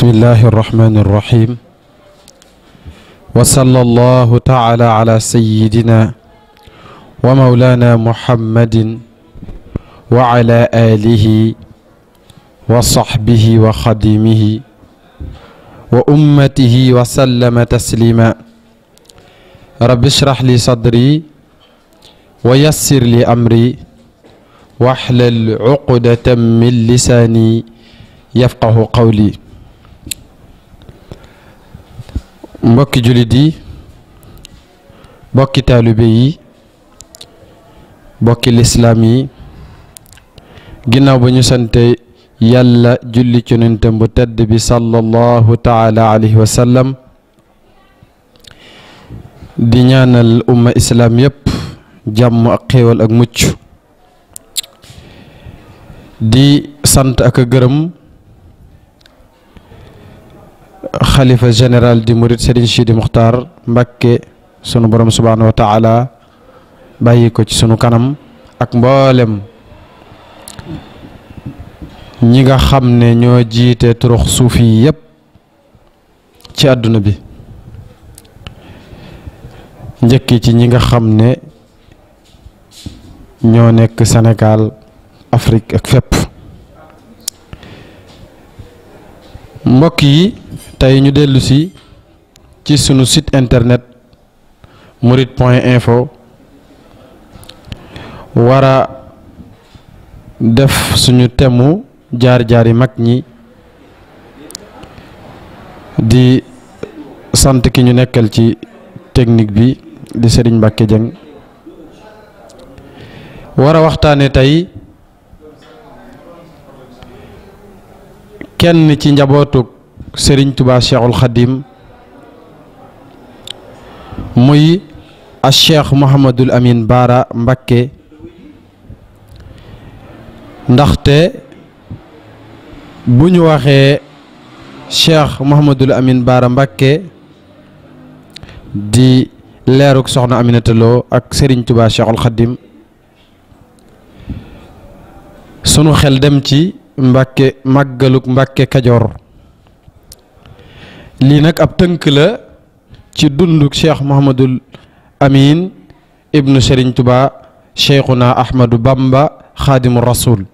بسم الله الرحمن الرحيم وصلى الله تعالى على سيدنا ومولانا محمد وعلى آله وصحبه وخدمه وأمته وسلم تسليما رب اشرح لي صدري ويسر لي أمري واحلل عقدة من لساني يفقه قولي mbokki Julidi yi mbokki taalibe yi mbokki lislaam yi ginnaaw ba ñu sante yàlla julli ci yonentam bu tedd bi sallallahu taala alayhi wa sallam di ñaanal umma islaam yépp jàmm ak xéewal ak mucc di sant ak gërëm xalifa général di murit Serigne Sidi Muxtaar Mbàkke sunu borom subhaanahu wa bàyyi ko ci sunu kanam ak mboolem ñi nga xam ne ñoo jiite turux suufi yi yépp ci àdduna bi njëkki ci ñi nga xam ne ñoo nekk Sénégal Afrique ak fépp mbokk yi tey ñu dellusi ci sunu sit internet murit point info war a def suñu temu jaar-jaari mag ñi di sant ki ñu nekkal ci technique bi di Serigne Mbacke Dieng war a waxtaane tey kenn ci njabootuk sëriñ tubaa cheikhul xadim muy a cheikh mouhamadul amin baara mbakke ndaxte bu ñu waxee cheikh mouhamadul amin baara mbakke di leruk soxna Aminata Lo ak sëriñ tubaa cheikhul khadim sunu xel dem ci mbakke màggaluk mbakke kajoor li nak ab teunk la ci dunduk cheikh mohammedul Amin ibn Serigne Touba cheikhuna Ahmadou Bamba xaadimu rasul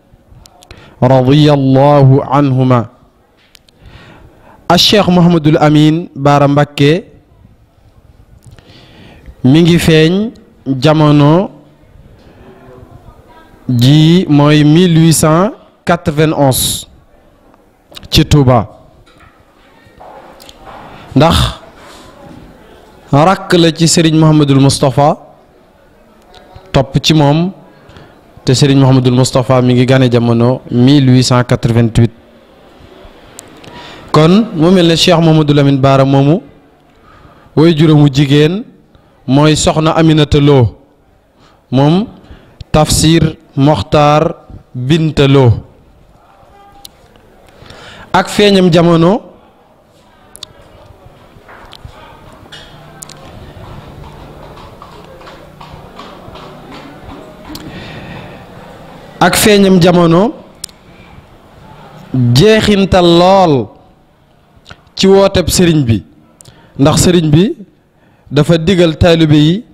radiyallahu anhuma a cheikh Mouhamadul Amin Baara Mbakke mi ngi feeñ jamono ji mooy 1891 ci Touba. ndax rakk la ci sëriñ Mouhamadul Moustapha topp ci moom te sëriñ Mouhamadul Moustapha mi ngi gane jamono 1888 kon mu mel ne Cheikh Mouhamadul Amine Baara moomu woy juróomu jigéen mooy soxna Aminata Lo moom Tafsir Mokhtar Binta ak feeñam jamono. ak feeñam jamono jeexintal lool ci wooteb sëriñ bi ndax sëriñ bi dafa digal taalibe yi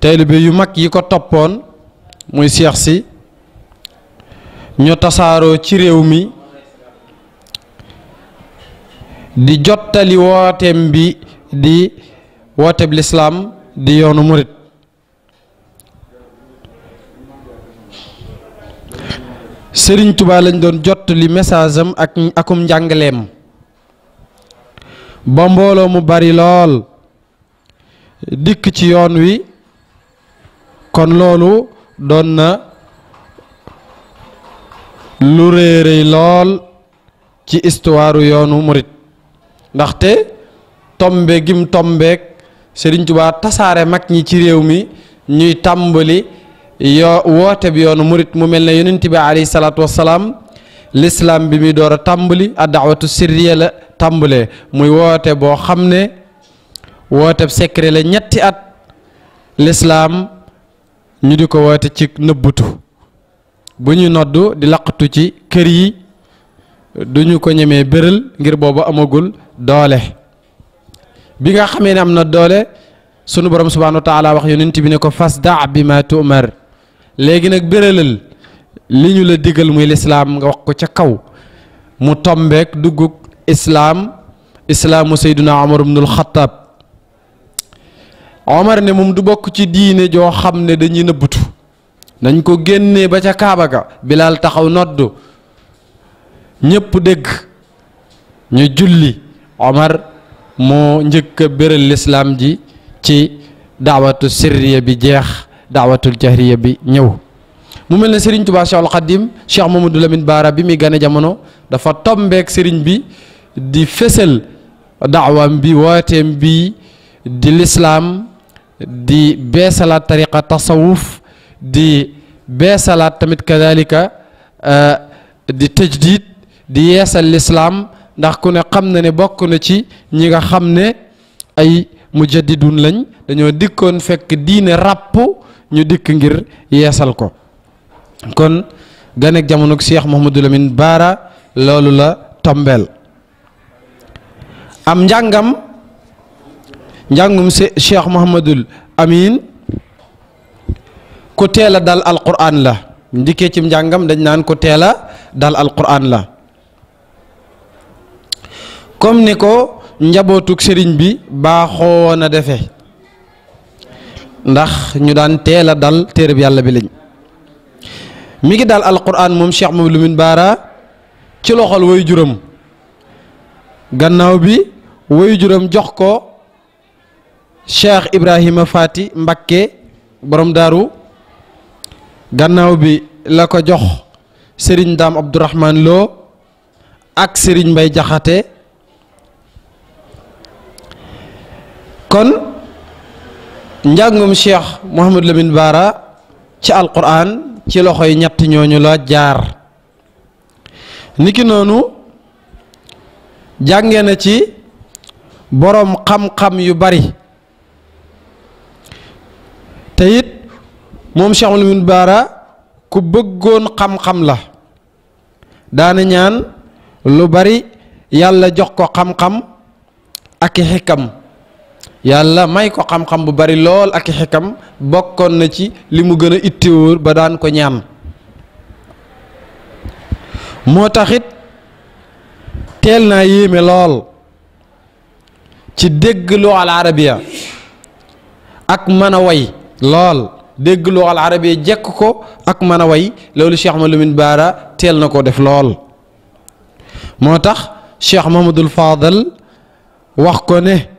taalibe yu mag yi ko toppoon muy seex si ñu tasaaroo ci réew mi di jottali wooteem bi di wooteb lislaam di yoonu morit Sëriñ Tuubaa lañ doon jot li message ak akum njàngaleem ba mbooloo mu bari lool dikk ci yoon wi kon loolu doon na lu réeréy lool ci istuwaaru yoonu murit ndaxte tombe gim tombeek Sëriñ tubaa tasaare mag ñi ci réew mi ñuy tàmbali yoo woote bi yoonu murit mu mel na yonent bi alayhi salaatu wasalaam lislaam bi muy door a tàmbali addaawatu sirriya la tàmbalee muy woote boo xam ne woote secret la ñetti at lislaam ñu di ko woote ci nëbbutu bu ñu nodd di laqatu ci kër yi duñu ko ñemee bëral ngir boobu amagul doole bi nga xamee ni am na doole sunu borom subhaanahu wa taala wax yonent bi ne ko fasda bi ma tumar léegi nag béralal li ñu la diggal muy lislaam nga wax ko ca kaw mu tombeek duggug islaam islaamu sayduna omar ibnul xataab omar ne moom du bokk ci diine joo xam ne dañuy nëbbatu dañ ko génnee ba ca kaaba ga bilaal taxaw nodd ñépp dégg ñu julli omar moo njëkk a béral lislaam ji ci daawatu sirriya bi jeex daawatul jahriya bi ñëw mu mel ne Serigne Touba Cheikhoul Khadim Cheikh Mamadou Lamine bi muy gane jamono dafa tombeek sëriñ bi di fésal daawam bi wooteem bi di lislaam di beesalaat tariqa tasawuf di beesalaat tamit kadalika eh, di tëjdid di yeesal lislaam ndax ku ne xam na ne bokk na ci ñi nga xam ne ay mujaddidun lañ dañoo dikkoon fekk diine ràpp ñu kengir ngir yeesal ko kon ganek jamonok cheikh mohamadou lamine bara lolou la tombel am njàngam njàngum cheikh mohamadul amin ko téla dal alquran la ndikkee ci njàngam dañ nan ko téla dal alquran la comme niko njabotuk serigne bi ba woon defé ndax ñu daan teel a dal bi yàlla bi lañ mi ngi daal alquran moom Cheikh Mouhamadou Lamine baara ci loxol woy juróom gannaaw bi woy juróom jox ko Cheikh Ibrahima Fati Mbakke boroom daaru gannaaw bi la ko jox sëriñ Dame Abdourahman Lo ak sëriñ Mbay Jaxate kon njangum cheikh mohammed Lamine Bara ci alquran ci loxoy ñatt ñooñu la jaar niki nonu jangene ci borom xam-xam yu bari tayit mom cheikh Lamine Bara ku bëggoon xam-xam la daana ñaan lu bari yalla jox ko xam-xam ak hikam yàlla may ko xam-xam bu bari lool ak xikam bokkoon na ci li mu gën a ittiwóor ba daan ko ñaan moo taxit teel naa yéeme lool ci dégg luxal arabiya ak mën a way lool dégg luxal arabiya jekk ko ak mën way loolu Cheikh Mouhamadou Lamine Bara teel na ko def lool moo tax Cheikh Mahamadul Fadal wax ko ne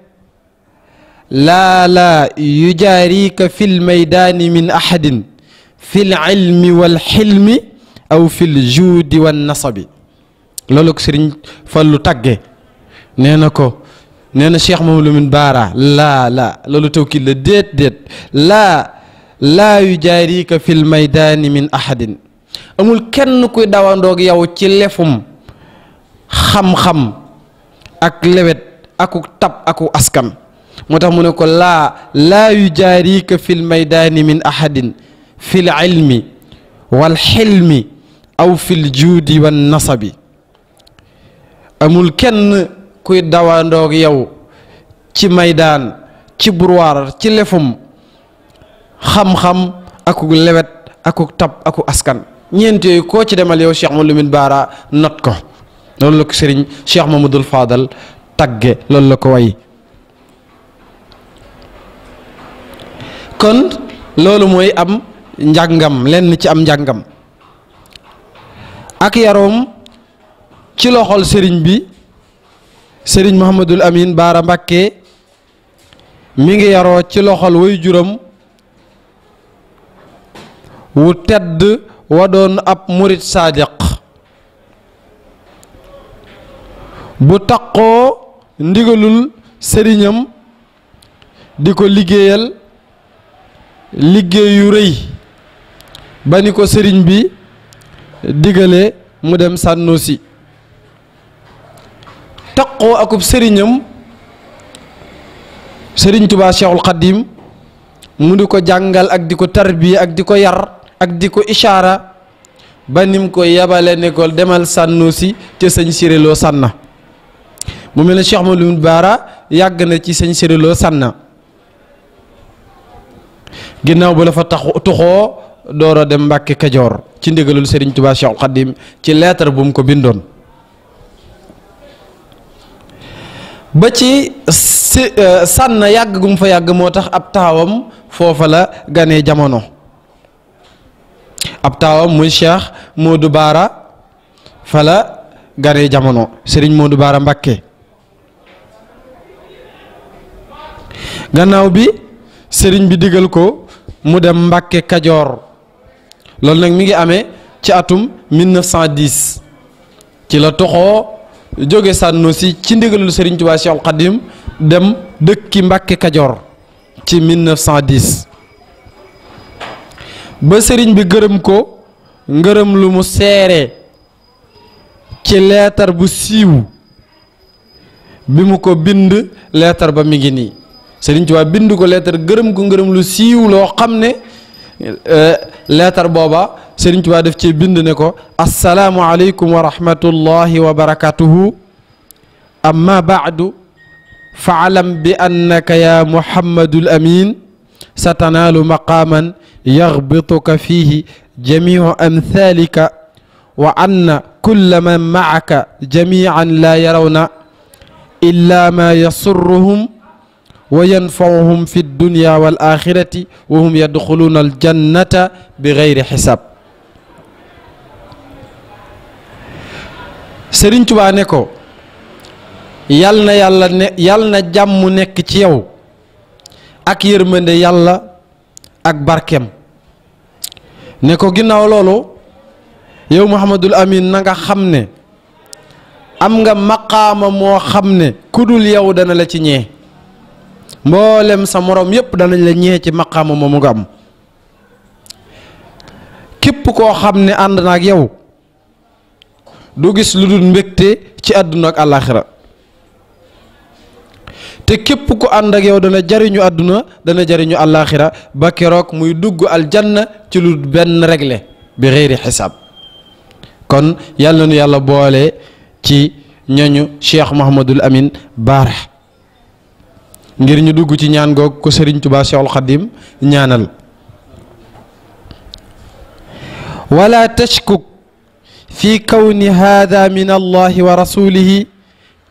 لا لا يجاريك في الميدان من أحد في العلم والحلم أو في الجود والنصب لولوك سرين فلو تاكي نينكو نينا شيخ مولو من بارا لا لا لولو توكي لديت ديت لا لا يجاريك في الميدان من أحد أمول كن نكوي داوان دوغي يو تلفم خم خم أك لبت أكو تب أكو أسكم moo tax mu ne ko laa laa yujaarika fi lmaydaani min ahadin fi lilmi walxilmi aw fi ljuudi wannasabi amul kenn kuy dawandoog yow ci maydaan ci burwaar ci lefum xam-xam akuk lewet akuk tab akuk askan ñeent yooyu koo ci demal yow Cheikh Mouhamadou Lamine Bara not ko loolu la ko sëriñ Cheikh Mamadou Fadal tagge loolu la ko way kon loolu mooy am njàngam lenn ci am njàngam ak yaroom ci loxol sëriñ bi sëriñ Mouhamadul Amin Baara Mbàkke mi ngi yaroo ci loxol way juróom wu tedd wa doon ab murit saadiq bu taqoo ndigalul sëriñam di ko liggéeyal liggéey yu rëy ba ni ko sëriñ bi digale mu dem sànnoosi taqoo akub sëriñam sëriñ tubaa cheikhul xadim mu di ko jàngal ak di ko tarbiya ak di ko yar ak di ko ishaara ba nim ko yabale ne demal sànnoosi te sëñ séréloo sànna mu mel ne Cheikh Mouhamadou Lamine yàgg na ci sëñ séréloo sànna ginnaw bu la fa tax tuxoo door dem mbacke kadior ci ndegalul Serigne Touba Cheikh Khadim ci lettre bu mko bindon ba ci san euh, yag gum fa yag motax ab tawam fofa la gané jamono ab tawam Cheikh Modou bara fa la jamono Serigne Modou bara mbacke gannaaw bi serigne bi digal ko mu dem Mbàkke Kajoor loolu nag mi ngi amee ci atum 1910 ci la toxoo jóge Sànnoosi ci ndigalul Sëriñ Tuubaa Seexul Xadiim dem dëkki Mbàkke Kajoor ci 1910 ba sëriñ bi gërëm ko gërëm lu mu seere ci leetar bu siiw bi mu ko bind leetar ba mi ngi nii Serigne Touba bind ko leetar gërëm ko ngërëm lu siiw loo xam ne leetar booba Serigne Touba daf cee bind ne ko assalaamu aleykum wa rahmatullahi wa barakatuhu amma baadu faalam bi annaka ya muhammadul amin satanaalu maqaaman yagbituka fihi jamiu amthalika wa anna kulla man maaka jamian laa yarawna illa ma yasurruhum وينفعهم في الدنيا والآخرة وهم يدخلون الجنة بغير حساب Sëriñ Tuubaa ne ko yal na yàlla ne yal na jàmm nekk ci yow ak yërmande yàlla ak barkeem ne ko ginnaaw loolu yow Muhammadul Amin na nga xam ne am nga maqaama moo xam ne ku dul yow dana la ci ñee mboolem sa morom yépp danañ la ñee ci maqaama moomu nga am képp koo xam ne ànd na ak yow du gis lu dul mbégte ci àdduna ak àllaaxira te képp ko ànd ak yow dana jariñu àdduna dana jariñu àllaaxira ba keroog muy dugg aljanna ci lu benn regle bi xëyri xisaab kon yàlla nu yàlla boole ci ñooñu Cheikh Mouhamadul Amin Baara ngir ñu dugg ci ñaan goog ko Serigne Touba Cheikhul Khadim ñaanal wala tashkuk fi kawni hada min allahi wa rasulihi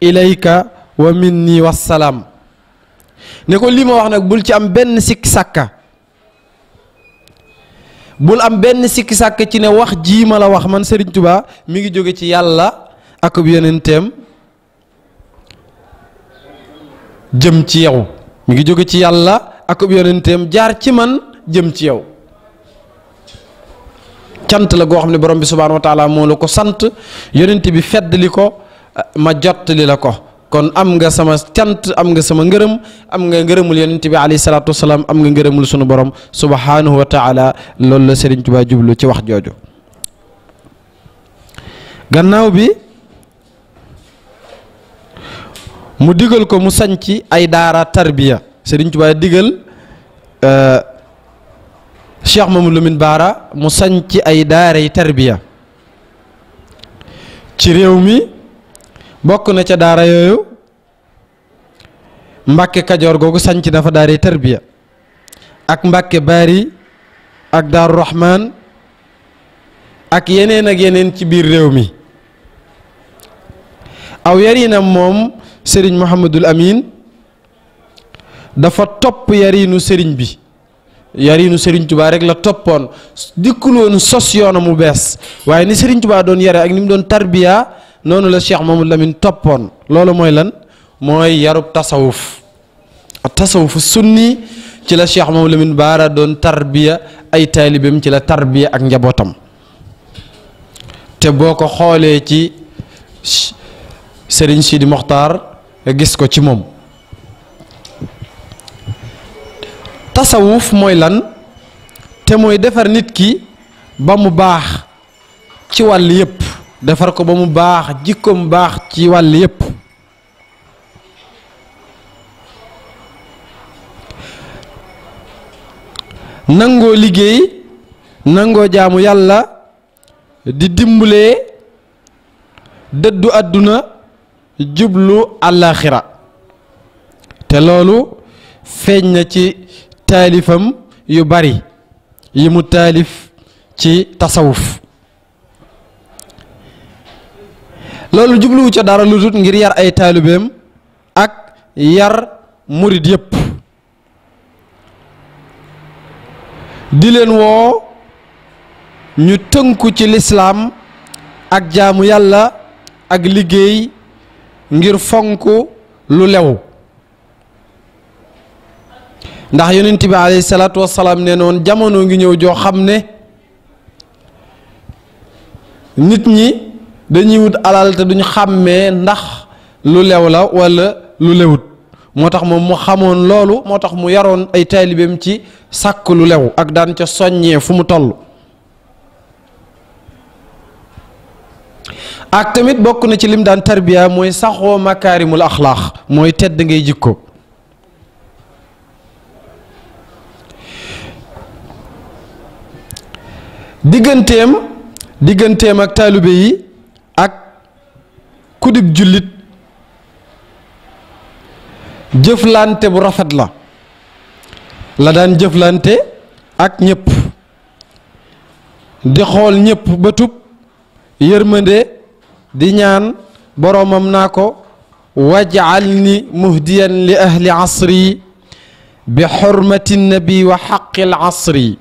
ilayka wa minni wassalaam ne ko lii ma wax nag bul ci am benn sikk sàkka bul am benn sikki sàkka ci ne wax jii ma la wax man Serigne Touba mi ngi jóge ci yàlla ak yeneenteem jëm ci yow mi ngi jóge ci yàlla ak yonenteem jaar ci man jëm ci yow cant la goo xam ne borom bi subhaanahu wa taala moo la ko sant yonent bi feddli ko ma jottali la ko kon am nga sama cant am nga sama ngërëm am nga ngërëmul yonent bi alayhi salaatu wasalaam am nga ngërëmul sunu borom subhaanahu wa taala loolu la Serigne jublu ci wax jooju gannaaw bi mu diggal ko mu ci ay daara tarbiya Serigne Touba euh Cheikh Mamadou Lamine Bara mu ci ay daaray tarbiya ci rew mi bokku na ci daara yooyu Mbàkke Kajoor googu sañc na fa daaray tarbiya ak mbacke bari ak dar rahman ak yenen ak yenen ci bir rew mi aw mom sëriñ Mouhamadul Amin dafa topp yariinu sëriñ bi yarinu sëriñ Tuubaa rek la toppoon dikkul woon sos yoona mu bees waaye ni sëriñ Tuubaa doon yare ak ni mu doon tarbiya noonu la Cheikh moom Amin toppoon loolu mooy lan mooy yarub tasawuf tasawufu sunni ci la Cheikh Mouhamadul Amin Baara doon tarbiya ay taalibeem ci la tarbiya ak njabootam te boo ko xoolee ci sëriñ Sidi Mokhtar. gis ko ci mom tasawuf moylan lan te moy defar nit ki ba mu bax ci wal yep defar ko ba mu baax jikkoom bax ci wal yep nango liggey nango jaamu yalla di dimbulé deddu aduna jublu àllaaxira te loolu feeñ na ci taalifam yu bari yi mu taalif ci tasawuf loolu jubluwu ca dara lu ngir yar ay taalibeem ak yar murit yépp dileen woo ñu tënku ci lislaam ak jaamu yàlla ak liggéey ngir fonk lu lew ndax yonent bi alayhi salaatu wasalaam ne noonu jamono ngi ñëw joo xam ne nit ñi dañuy wut alal te duñ xàmmee ndax lu lew la walla lu lewut moo tax moom mu xamoon loolu moo tax mu yaroon ay taalibeem ci sàkk lu lew ak daan ca soññee fu mu toll ak tamit bokk na ci lim daan tarbiya mooy saxoo makaarimul axlaax mooy tedd ngay jikko digganteem digganteem ak taalibe yi ak kudib jullit jëflante bu rafet la la daan jëflante ak ñëpp di xool ñëpp ba tub yërmande di ñaan boromam nako waj'alni muhdiyan li ahli asri bi xurmati nabi wa xaqi al asri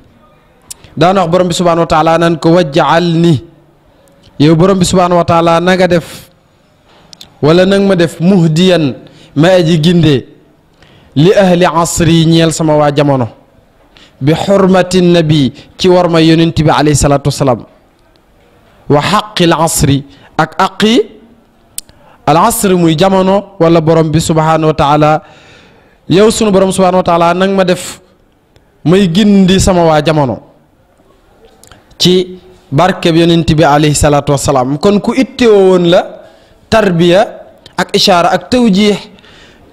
daana wax borom bi subhaanahu wa taala nan ko waj'alni yow borom bi subhaanahu wa taala na nga def wala nag ma def muhdiyan ma aji ginde li ahli asri ñeel sama waa jamono bi xurmati nabi ci war ma yonent bi alayhi salaatu wasalaam wa xaqi al asri ak àqi al asr muy jamono wala borom bi subhaanahu wa yow sunu borom subhaanahu wa taala ma def may gindi sama waa jamono ci barkeb yonent bi alayhi salaatu wasalaam kon ku ittewoo woon la tarbiya ak ishaara ak tawjiih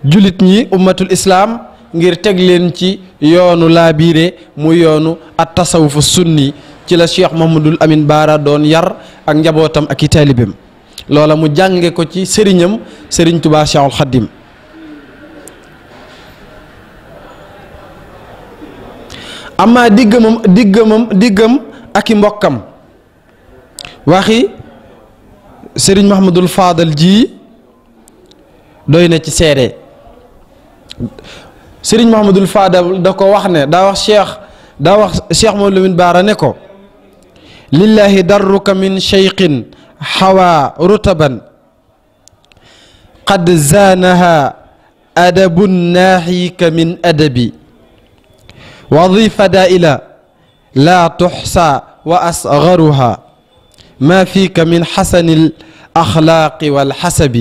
julit ñi ummatul islaam ngir teg leen ci yoonu laabiire mu yoonu at tasawufu sunni ci la Cheikh Mouhamadoul Amine Baara doon yar ak njabootam ak i taalibeem loola mu jànge ko ci sëriñam sëriñ Tuubaa Cheikhul Xaddim amma diggamam diggam ak mbokkam waxi sëriñ Mouhamadoul faadal ji doy na ci seede sëriñ Mouhamadoul Fadal da ko wax ne daa wax Cheikh daa wax Cheikh Mouhamadoul Amine Baara ne ko لله درك من شيخ حوى رتبا قد زانها أدب ناحيك من أدبي وظيفة دائلة لا تحصى وأصغرها ما فيك من حسن الأخلاق والحسب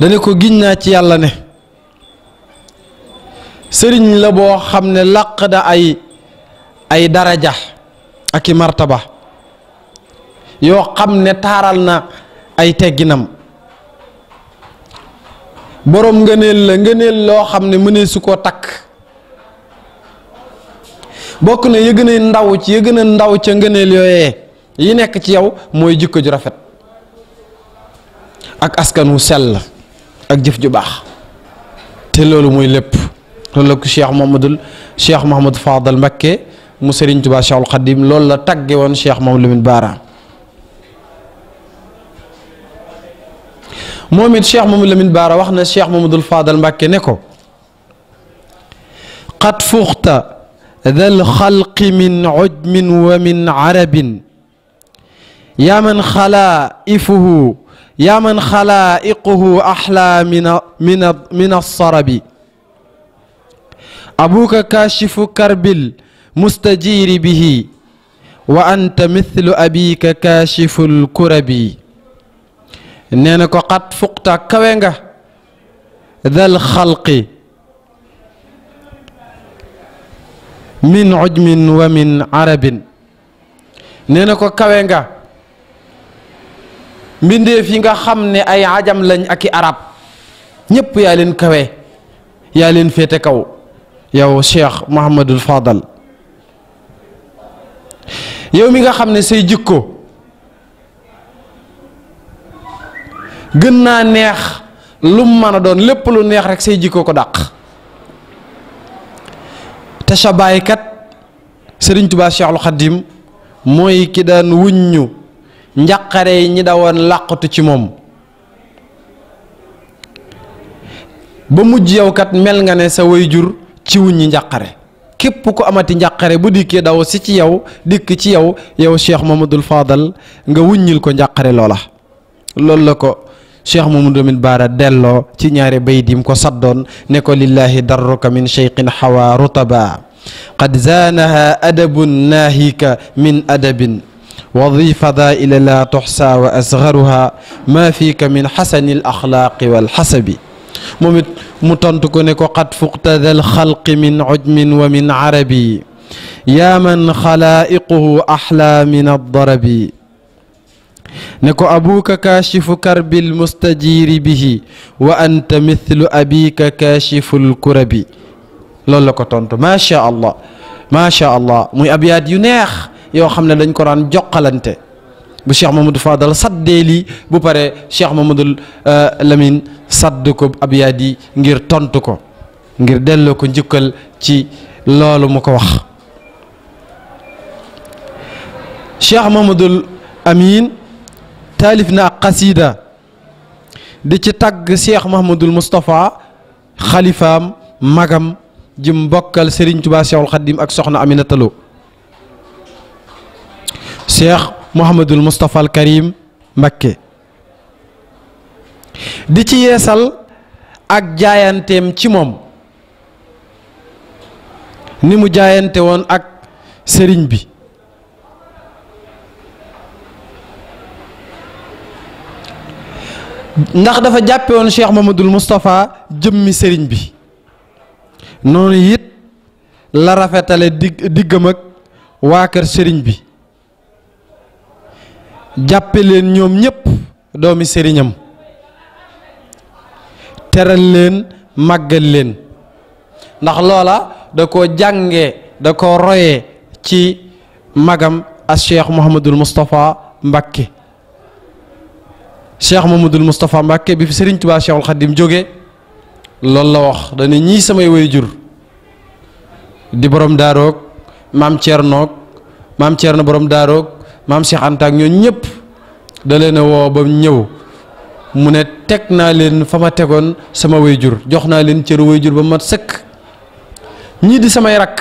لنكو جنة giñ سرين لبو خمن لقد أي ay daraja ak i martaba yoo xam ne taaral na ay tegginam boroom ngëneel la ngëneel loo xam ne mënee su koo takk bokk na ya gën a ndaw ci ya gën ndaw ca ngëneel yooyee yi nekk ci yow mooy jikko ju rafet ak askan wu sell ak jëf ju baax te loolu mooy lépp loolu la ko Cheikh Mouhamadul Cheikh Mouhamadou Fadal Mbacké mu Serigne Touba Cheikhul Khadim loolu la tagge woon Cheikh moom Lamine Baara moom it Cheikh moom Lamine Baara wax na Cheikh Mamadul Fadal Mbàkke ne ko qad fuxta dal xalqi min ujmin wa min arabin yaa man xalaa'ifuhu yaa man xalaa'iquhu axlaa min min min assarabi abuka kaashifu karbil مستجير به وأنت مثل أبيك كاشف الكرب إنك قد فقت كوينغا ذا الخلق من عجم ومن عرب نينكو من دي فيغا خامني اي عجم لاني اكي عرب نيب يا لين كاوي يا لين فيتكاو يا شيخ محمد الفاضل yow mi nga xam ne say jikko gën naa neex lu mu mën a doon lépp lu neex rekk say jikko ko dàq te sabaay kat Sëriñ Tuubaa Seexul Xadiim mooy ki daan wuññu njàqare yi ñi dawoon làqatu ci moom ba mujj yow kat mel nga ne sa way jur ci wuññi njàqare képp ku amati njàqare bu dikkee daw si ci yow dikk ci yow yow cheikh mamadul fadal nga wuññil ko njàqare loola loolu la ko cheikh mamadou min baara delloo ci ñaari baydim ko saddoon ne ko lillahi darruka min cheyqin xawa rutaba qad zaanaha adabun naahika min adabin وضي فضائل لا تحصى وأصغرها ما فيك من حسن الأخلاق والحسب ممت موتانت كونيكو قد فقت ذا الخلق من عجم ومن عربي يا من خلائقه احلى من الضرب نكو ابوك كاشف كرب المستجير به وانت مثل ابيك كاشف الكرب لولاكو تونت ما شاء الله ما شاء الله مي ابيات يو نيه يو خامل لا نكران جوخالانتي بو محمود فاضل صدلي بو بار شيخ محمود لامين saddu abiyadi ngir tontu ko ngir dello ko njukkal ci lolou mu ko wax cheikh mahamadul amin talifna qasida di ci tag cheikh mahamadul mustafa khalifam magam jim bokkal sëriñ tubaa cheikhul khadim ak soxna aminata lo cheikh mohamadul mustafa al karim makke di ci yeesal ak jaayanteem ci moom ni mu jaayante woon ak sëriñ bi ndax dafa jàppewoon woon Cheikh Mamadul Moustapha jëmmi sëriñ bi noonu it la rafetale digg diggam ak waa kër sëriñ bi jàppe leen ñoom ñépp doomi sëriñam teral leen màggal leen ndax loola da ko jànge da koo royee ci magam as cheikh Mouhamadul Moustapha Mbacke cheikh Mouhamadul Moustapha Mbacke bi fi Serigne Touba Cheikhul Khadim jóge loolu la wax dana ñii samay waajur di borom daaroog maam noog maam na borom daaroog maam Cheikh Anta ak ñooñu ñëpp da leen a ba ñëw. mu ne teg naa leen fa ma tegoon sama jur jox naa leen cëru wayjur ba mat sëkk ñii di samay rakk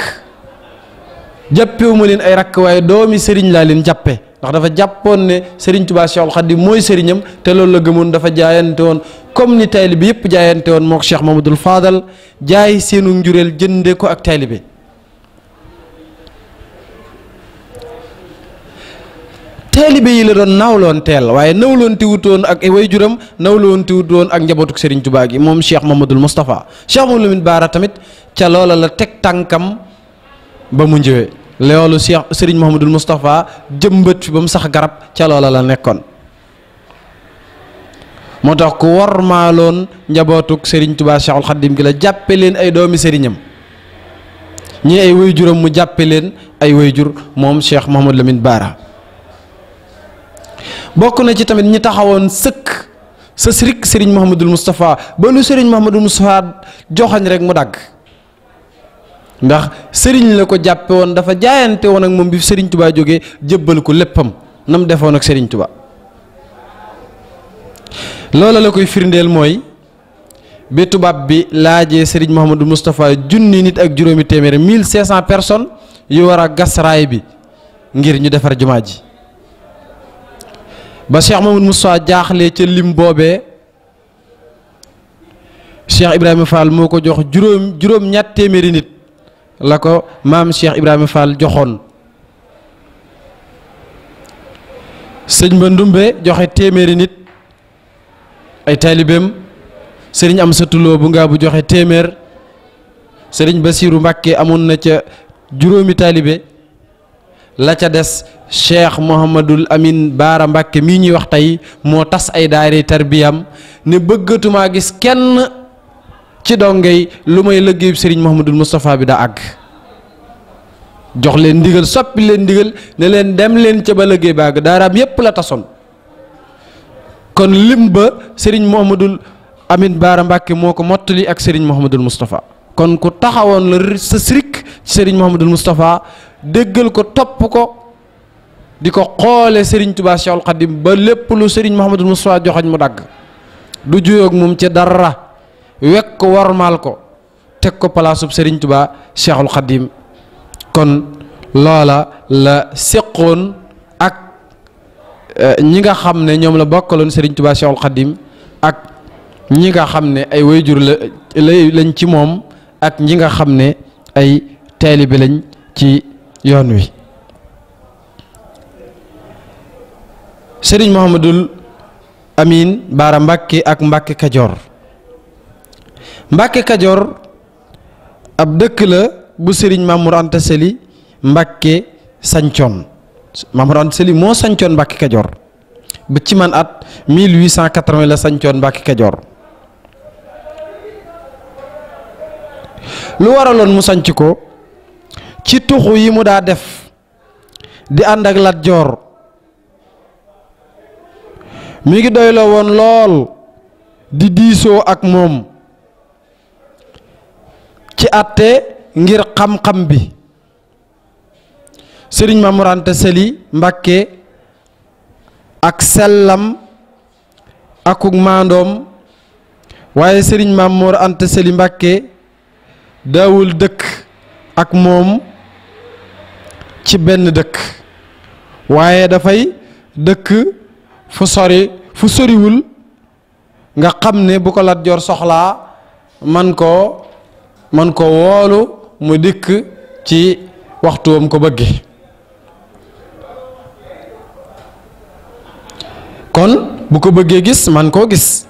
jàppewu ma leen ay rakk waaye doomi sëriñ laa leen jàppe ndax dafa jàppoon ne sëriñ Tuubaa Seexul Xadiim mooy sëriñam te loolu la gëmoon dafa jaayante woon comme ni taalibe bi yëpp jaayante woon moo Cheikh Mamadul Faadal jaay seenu njureel jënde ko ak taalibe bi taalibe yi la doon tel, teel waaye nawloon tiwutoon ak wayjuram nawloon tiwutoon ak njabootuk Serigne Touba gi shiak Cheikh Mamadul Moustapha Cheikh Mamadul Lamine bara tamit ca loola la teg tànkam ba mu njëwee loolu Cheikh Serigne Mahamadul Moustapha jëmbët fi ba mu sax garab ca loola la nekkoon moo tax ku wormaaloon njabootuk Serigne Touba Cheikhul Khadim gi la ay doomi ay wayjuram mu jappelen ay wayjur mom Cheikh Lamine bara bokk na ci tamit ñi taxawoon sëkk sës rik Serigne Mouhamadul Moustapha ba lu Serigne Mouhamadul Moustapha joxañ rek mu dagg ndax sëriñ la ko jàppe woon dafa jaayante woon ak moom bi Serigne Touba jógee jëbbal ko léppam nam defoon ak Serigne Touba loola la koy firndeel mooy bi tubaab bi laajee Serigne Mouhamadul Moustapha junni nit ak juróomi téeméer 1500 personnes yu war a gas raay bi ngir ñu defar jumaa ji. ba Cheikh Mamadou musaa jaaxlee ca lim boobee Cheikh Ibrahima Fall moo ko jox juróom juróom-ñett téeméeri nit la ko maam Cheikh Ibrahima Fall joxoon sëñ ba ndumbe joxe téeméeri nit ay taalibeem sëriñ am sa tuloo bu ngaa bu joxe téeméer sëriñ Basiiru Mbàkke amoon na ca juróomi taalibe la ca des cheikh Mouhamadul Amin Baara Mbàkke mii ñuy wax tey moo tas ay daare tarbiyam ne bëggatumaa gis kenn ci dongey lu may liggéeyu Serigne Mouhamadul Moustapha bi daa àgg jox leen ndigal soppi leen ndigal ne leen dem leen ca ba liggéey baag daaraam yépp la tasoon kon lim ba Serigne Mouhamadul Amin Baara Mbàkke moo ko mottali ak sëriñ Mouhamadul Moustapha kon ku taxawoon la sa sirik Serigne Mouhamadul Moustapha déggal ko topp ko. di ko xoole Serigne Touba Cheikhoul Khadim ba lépp lu Serigne Mouhamadul Moustapha joxañ mu dagg du juyoog moom ci dara wekk ko warmaal ko teg ko palaasub sëriñ Touba Cheikhoul Khadim kon loola la séqoon ak eh, ñi nga xam ne ñoom la bokkaloon Serigne Touba Cheikhoul Khadim ak ñi nga xam ne ay wayjur la lañ ci moom ak ñi nga xam ne ay taalibe lañ ci yoon wi sëriñ Mouhamadul Amin Baara Mbàkke ak Mbàkke Kajoor Mbàkke Kajoor ab dëkk la bu sëriñ Mamour Anta Sali Mbàkke sancoon Mamour Anta Sali moo sancoon Mbàkke Kajoor ba ci man at 1880 la sancoon Mbàkke Kajoor lu waraloon mu sanc ko ci tuxu yi mu daa def di ànd ak Lat Joor mi ngi doy woon lool di diisoo ak moom ci àtte ngir xam-xam bi sëriñ Mamour Anta Sali Mbàkke ak sellam akuk maandoom waaye sëriñ Mamour Anta Sali Mbàkke daawul dëkk ak moom ci benn dëkk waaye dafay dëkk fu fu soriwul nga xam ne bu ko Lat Joor soxlaa man koo man koo woolu mu dikk ci waxtuwam ko bëgge kon bu ko bëggee gis man koo gis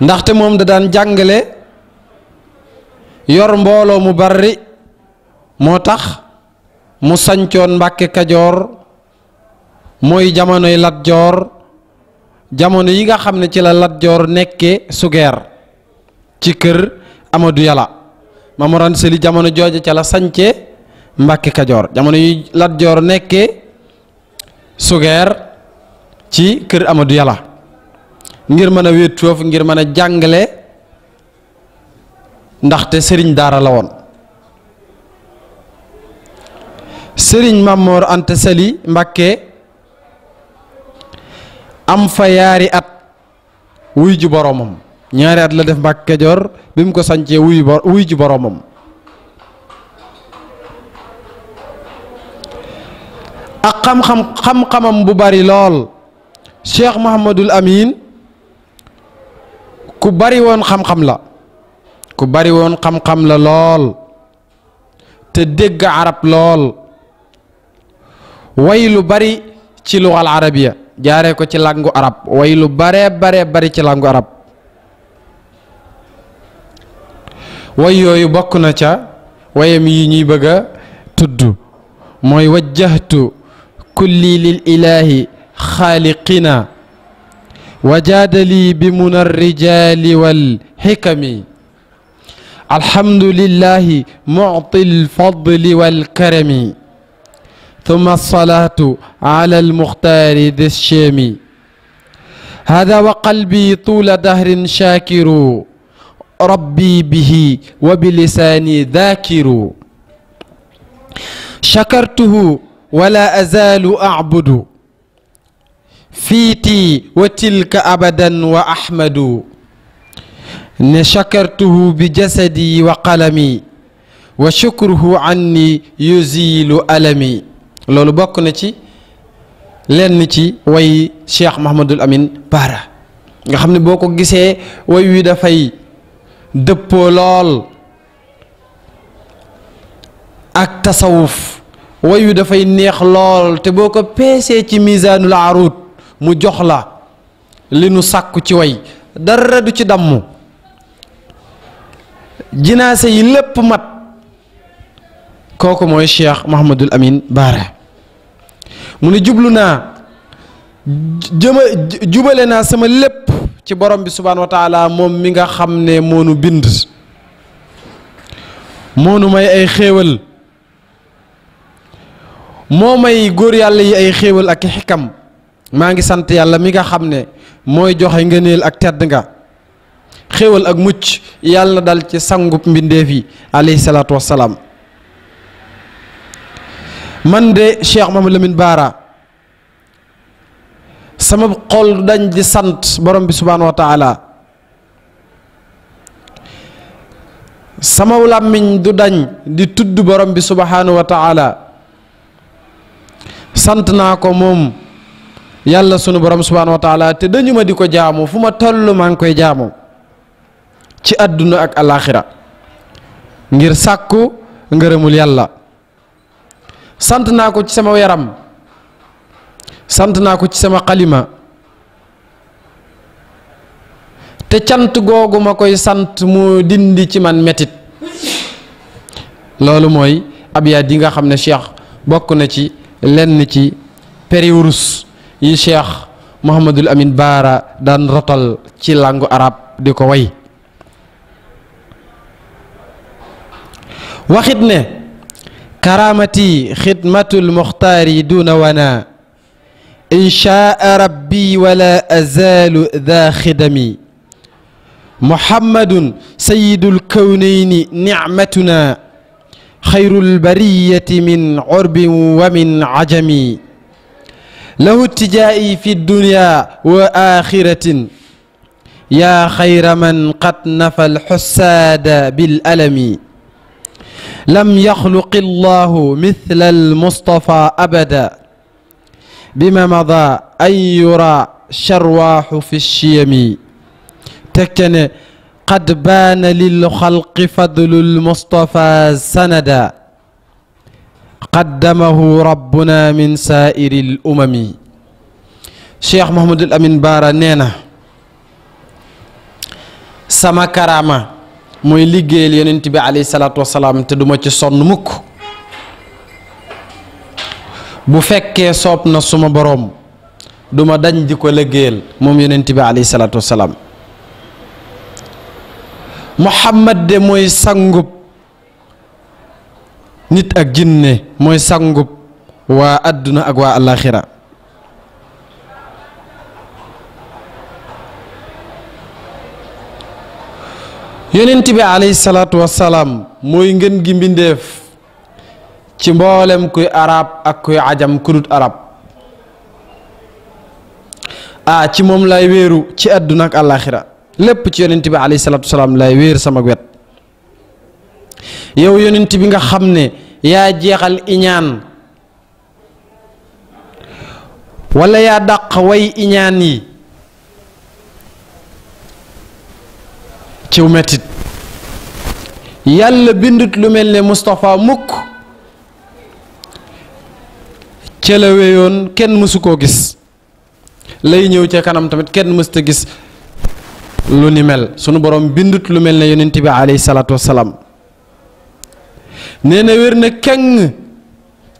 ndaxte moom da daan jàngale yor mbooloo mu bari moo tax mu sancoon Mbàkke Kajoor mooy jamonoy Lat Joor jamono yi nga xam ne ci la Lat Joor nekke sugeer ci kër Amadu Yàlla Mamoor Anta jamono jooja ca la sañce Mbàkke Kajoor jamono yi Lat Joor nekke sugeer ci kër Amadu Yàlla ngir mën a wéet foofu ngir mën a jàngale ndaxte sëriñ daara la woon sëriñ Mamoor Anta Sali Mbàkke am fa at wuy ju boromam ñaari at la def Mbàkke Kajoor bi mu ko sancee wuy bor wuy ju boromam ak xam-xam xam-xamam bu bari lol Cheikh mohammedul Amin ku bari won xam-xam la ku bari won xam-xam la lol te deg arab lol way lu bari ci luxal arabiyya jaaree ko ci làngu arab way lu bare bare bare ci làngu arab way yoyu bokku na ca wayam yi ñi bëgga tuddu moy wajjahtu kulli lil ilahi khaliqina wajadali bi mun arrijaali wal الحمد لله معطي الفضل والكرم ثم الصلاة على المختار ذي الشام هذا وقلبي طول دهر شاكر ربي به وبلساني ذاكر شكرته ولا أزال أعبد فيتي وتلك أبدا وأحمد شكرته بجسدي وقلمي وشكره عني يزيل ألمي loolu bokk na ci lenn ci way Cheikh Mahamadul Amin Baara nga xam ne boo ko gisee woy wi dafay dëppoo lool ak tasawuf woy wi dafay neex lool te boo ko peesee ci misaanul arut mu jox la li nu sàkku ci way dara du ci damm jinaase yi lépp mat koko moy cheikh Mouhamadul Amin bara mune ne jublu naa jëma jubale sama lépp ci borom bi subhanahu wa taala mom mi nga xamne monu bind monu may ay xewal momay gor yàlla yi ay xewal ak hikam ma ngi sante yàlla mi nga xamne moy joxe ngeenel ak tedd nga xewal ak mucc yàlla dal ci sangup mbinde fi alayhi salatu wassalam man de cheikh mamadou lamine bara sama xol dañ di sante borom bi subhanahu wa taala sama làmmiñ du dañ di tudd borom bi subhanahu wa taala sante na ko mom yalla sunu borom subhanahu wa taala te dañuma diko di jaamu fuma tollu toll koy jaamu ci aduna ak al-akhirah ngir sakku ngeureumul yalla sant naa ko ci sama wéram sant kalima. ko ci sama khalima te tiant makoy sant mo dindi ci man metit lolou moy abiya di nga xamne cheikh bokku na ci lenn ci periwurus yi cheikh mohammedul Amin Bara dan rotal ci langue arab diko way waxit ne كرامتي خدمة المختار دون ونا إن شاء ربي ولا أزال ذا خدمي محمد سيد الكونين نعمتنا خير البرية من عرب ومن عجم له اتجائي في الدنيا وآخرة يا خير من قد نفى الحساد بالألم لم يخلق الله مثل المصطفى أبدا بما مضى أن يرى شرواح في الشيم تكن قد بان للخلق فضل المصطفى سندا قدمه ربنا من سائر الأمم شيخ محمد الأمين بارا نينا سما كرامه mooy liggéeyal yonent bi alayhi salaatu wasalaam te duma ci sonn mukk bu fekkee soob na suma boroom duma dañ di ko liggéeyal moom yonent bi alayhi salaatu wasalaam muhammad de mooy sangub nit ak jinne mooy sangub waa àdduna ak waa alaaxira yonent bi alayhi salaatu wasalaam mooy ngën gi mbindeef ci mboolem kuy arab ak kuy ajam kudut arab a ci moom lay wéeru ci àdduna ak àllaaxira lépp ci yonent bi alayhi salaatu wasalaam lay wéer sama wet yow yonent bi nga xam ne yaa jeexal iñaan wala yaa dàq way iñaan yi ciw metit yàlla bindut lu mel ni Moustapha mukk ca la kenn mësu koo gis lay ñëw ca kanam tamit kenn mësta gis lu ni mel sunu borom bindut lu mel ni yonent bi alayhi salaatu wasalaam nee na wér na keng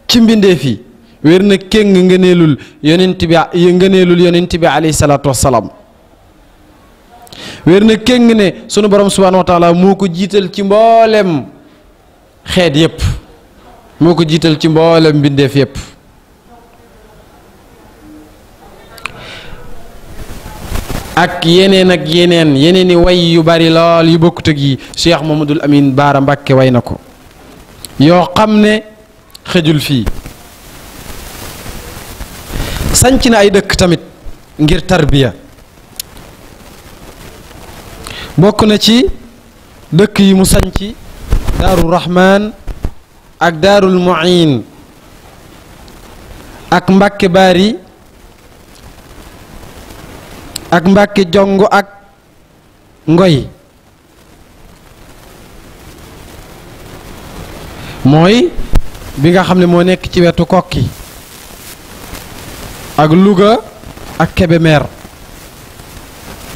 ci mbindeef yi wér na keng ngëneelul yonent bi ngëneelul yonent bi alayhi salaatu wasalaam wér na kéng ne sunu borom subhaanahu moo ko jiital ci mboolem xeet yépp moo ko jiital ci mboolem mbindeef yépp ak yeneen ak yeneen yeneeni way yu bari lool yu bokkut ak yi Cheikh Mamadul Amin Baara Mbàkke way na ko yoo xam ne xëjul fii sanc na ay dëkk tamit ngir tarbiya bokk na ci dëkk yi mu sañc daaru rahmaan ak daarul muin ak mbàkke baari ak mbàkke jongo ak ngoy mooy bi nga xam ne moo nekk ci wetu kokki ak Louga ak Kébémer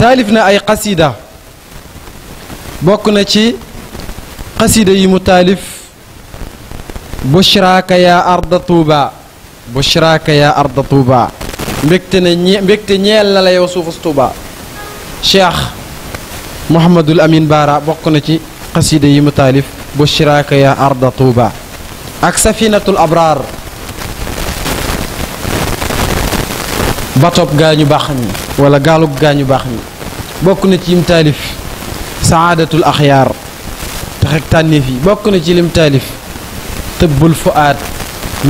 taalif na ay xasida bokk na ci xasida yi mu taalif bushraaka yaa arda tuuba bushraaka yaa arda tuuba mbégte ñeel na la yow suufus tuuba cheikh mohamadul amin baara bokk na ci xasida yi mu taalif bushraaka yaa arda tuuba ak safinatul abraar batob gaañu baax ñi wala gaalug gaañu baax ñi bokk na ci yim taalif saadatul axyaar tax ak tànneef yi bokk na ci lim taalif tëbbul fuaat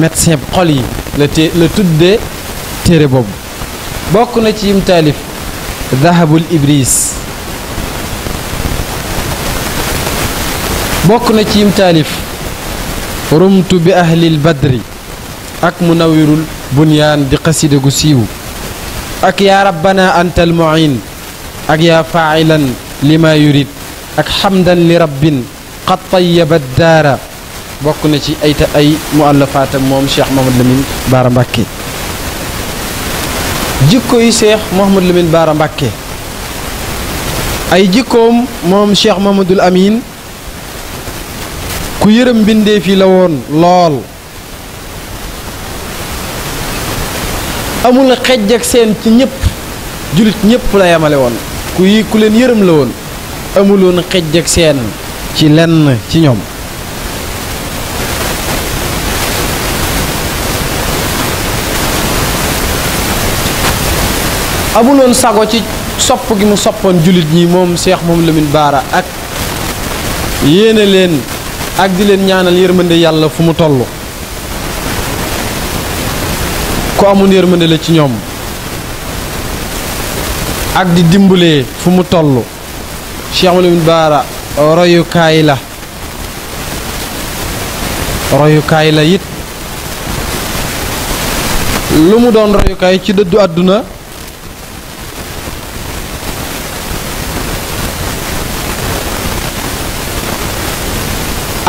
médecin xol yi la té la tuddee téere boobu bokk na ci lim taalif dahabul ibris bokk na ci lim taalif rumtu bi ahlil badri ak munawirul bunyaan di xasida gu siiw ak yaa rabbana antal muin ak yaa faacilan lima yurid ak xamdan li rabbin qad tayyaba daara bokk na ci ay ta ay muallafaatam moom cheikh Mouhamad Lamine Baara Mbàkke yi jikkoom moom cheikh Mouhamadul Amin ku yërëm mbindeef yi la woon lool amul xejj ak seen ci ñëpp jullit ñëpp la yemale woon ku yi ku leen yërëm la woon amuloon xëj ak seen ci lenn ci ñoom amuloon sago ci sopp gi mu soppoon jullit yi moom seex moom Lamine Baara ak yéene leen ak di leen ñaanal yërmande yàlla fu mu toll ku amul yërmande la ci ñoom ak di dimbalee fu mu toll Cheikh Mouhamadou Bara royukaay la royukaay la it lu mu doon royukaay ci dëddu àdduna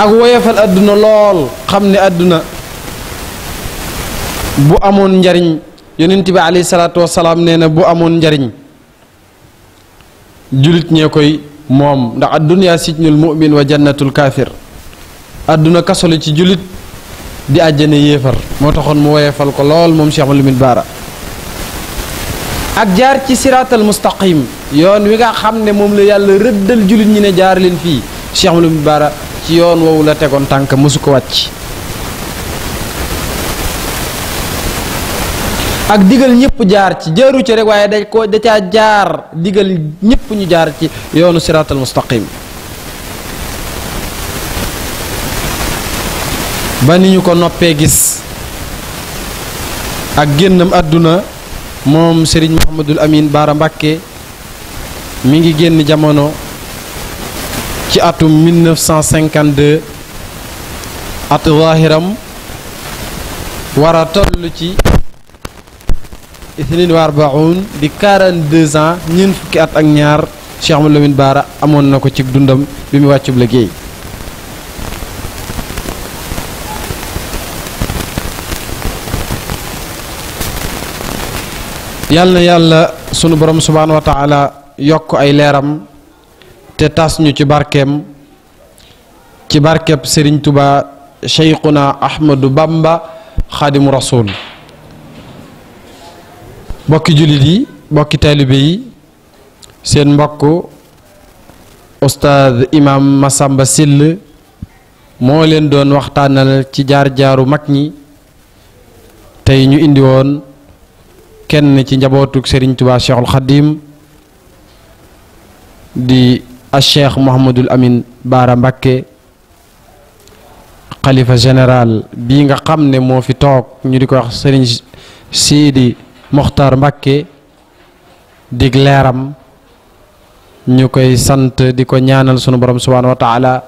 ak woyofal àdduna lool xam ni àdduna bu amoon njariñ yonent bi alayhi salaatu wasalaam nee na bu amoon njariñ julit ñee koy moom ndax adduniyaa sijnul mu'min wa jannatul kaafir àdduna kaso la ci julit di àjjana yéefar moo taxoon mu woyefal ko lool moom Cheikh Mouhamadou Lamine Bara ak jaar ci siraatal mustaqim yoon wi nga xam ne moom la yàlla rëddal julit ñi ne jaar leen fii Cheikh Mouhamadou Lamine Bara ci yoon woowu la tegoon tànk mësu ko wàcc ak digal ñëpp jaar ci jaaru cere waaye da ko da caa jaar digal ñëpp ñu jaar ci yoonu siraatal mustaqim ba ni ñu ko noppee gis ak génnam àdduna moom Serigne Mouhamadul Amine Baara Mbàkke ngi génn jamono ci atum 1952 at waahiram war a toll ci isnin wa arbaun di ak ñaar Cheikh Mouhamadou amoon na ko ci dundam bi mu wàccub liggéey yàlla na yàlla sunu borom subhaanahu wa yokk ay leeram te tas ñu ci barkeem ci barkeeb Serigne Touba Cheikhuna Ahmadou Bamba xaadimu rasul mbokki jullit yi mbokki taalibe yi seen mbokk ustaaz imam Masamba Syll moo leen doon waxtaanal ci jaar-jaaru mag ñi tey ñu indi woon kenn ci njabootuk Serigne Touba Cheikhul Khadim di a Cheikh Mouhamadul Amin Baara Mbakke xalifa général bi nga xam ne moo fi toog ñu di ko wax Serigne Mokhtar Mbacke dig leeram ñu koy sant di ko ñaanal sunu borom subhaanahu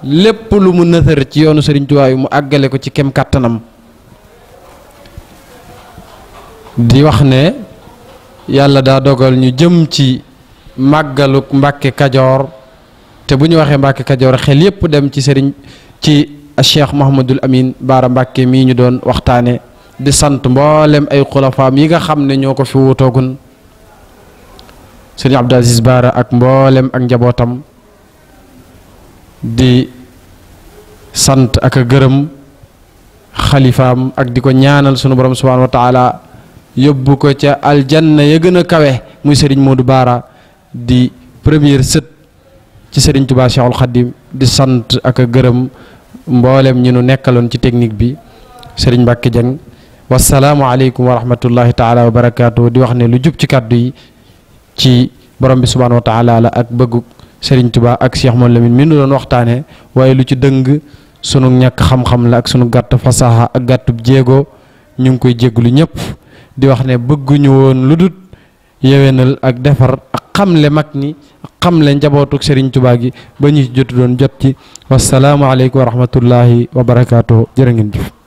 lépp lu mu nësër ci yoonu Serigne Touba mu àggale ko ci kem kàttanam di wax ne yàlla daa dogal ñu jëm ci màggaluk Mbacke Kajoor te bu ñu waxee Mbacke Kajoor xel yépp dem ci sëriñ ci Cheikh Mouhamadul Amin Baara Mbacke mii ñu doon waxtaane di sant mboolem ay xulafaam yi nga xam ne ñoo ko fi wutoogun sëriñ Abdou Aziz Baara ak mboolem ak njabootam di sant ak gërëm xalifaam ak di ko ñaanal sunu borom subhaanahu wa yóbbu ko ca aljanna ya gën a kawe muy sëriñ Modou Baara di premier sët ci sëriñ Tuubaa Cheikhul Khadim di sant ak gërëm mboolem ñi nu nekkaloon ci technique bi sëriñ Mbacke Dieng wasalaamualeykum wa rahmatullahi taala wa barakaatu di wax ne lu jup ci kaddu yi ci borom bi subhanahu wa taala la ak beug Serigne Touba ak Cheikh mon Lamine min doon waxtane waye lu ci deung sunu ñak xam-xam la ak sunu gatt fasaha ak gattu jeego ñu ngi koy jéglu ñëpp di wax ne ñu woon lu dut yewenal ak defar ak mak ni xam le njabootuk Serigne Touba gi ba ñu jottu doon jot ci wasalaamualeykum wa rahmatullahi wa jëf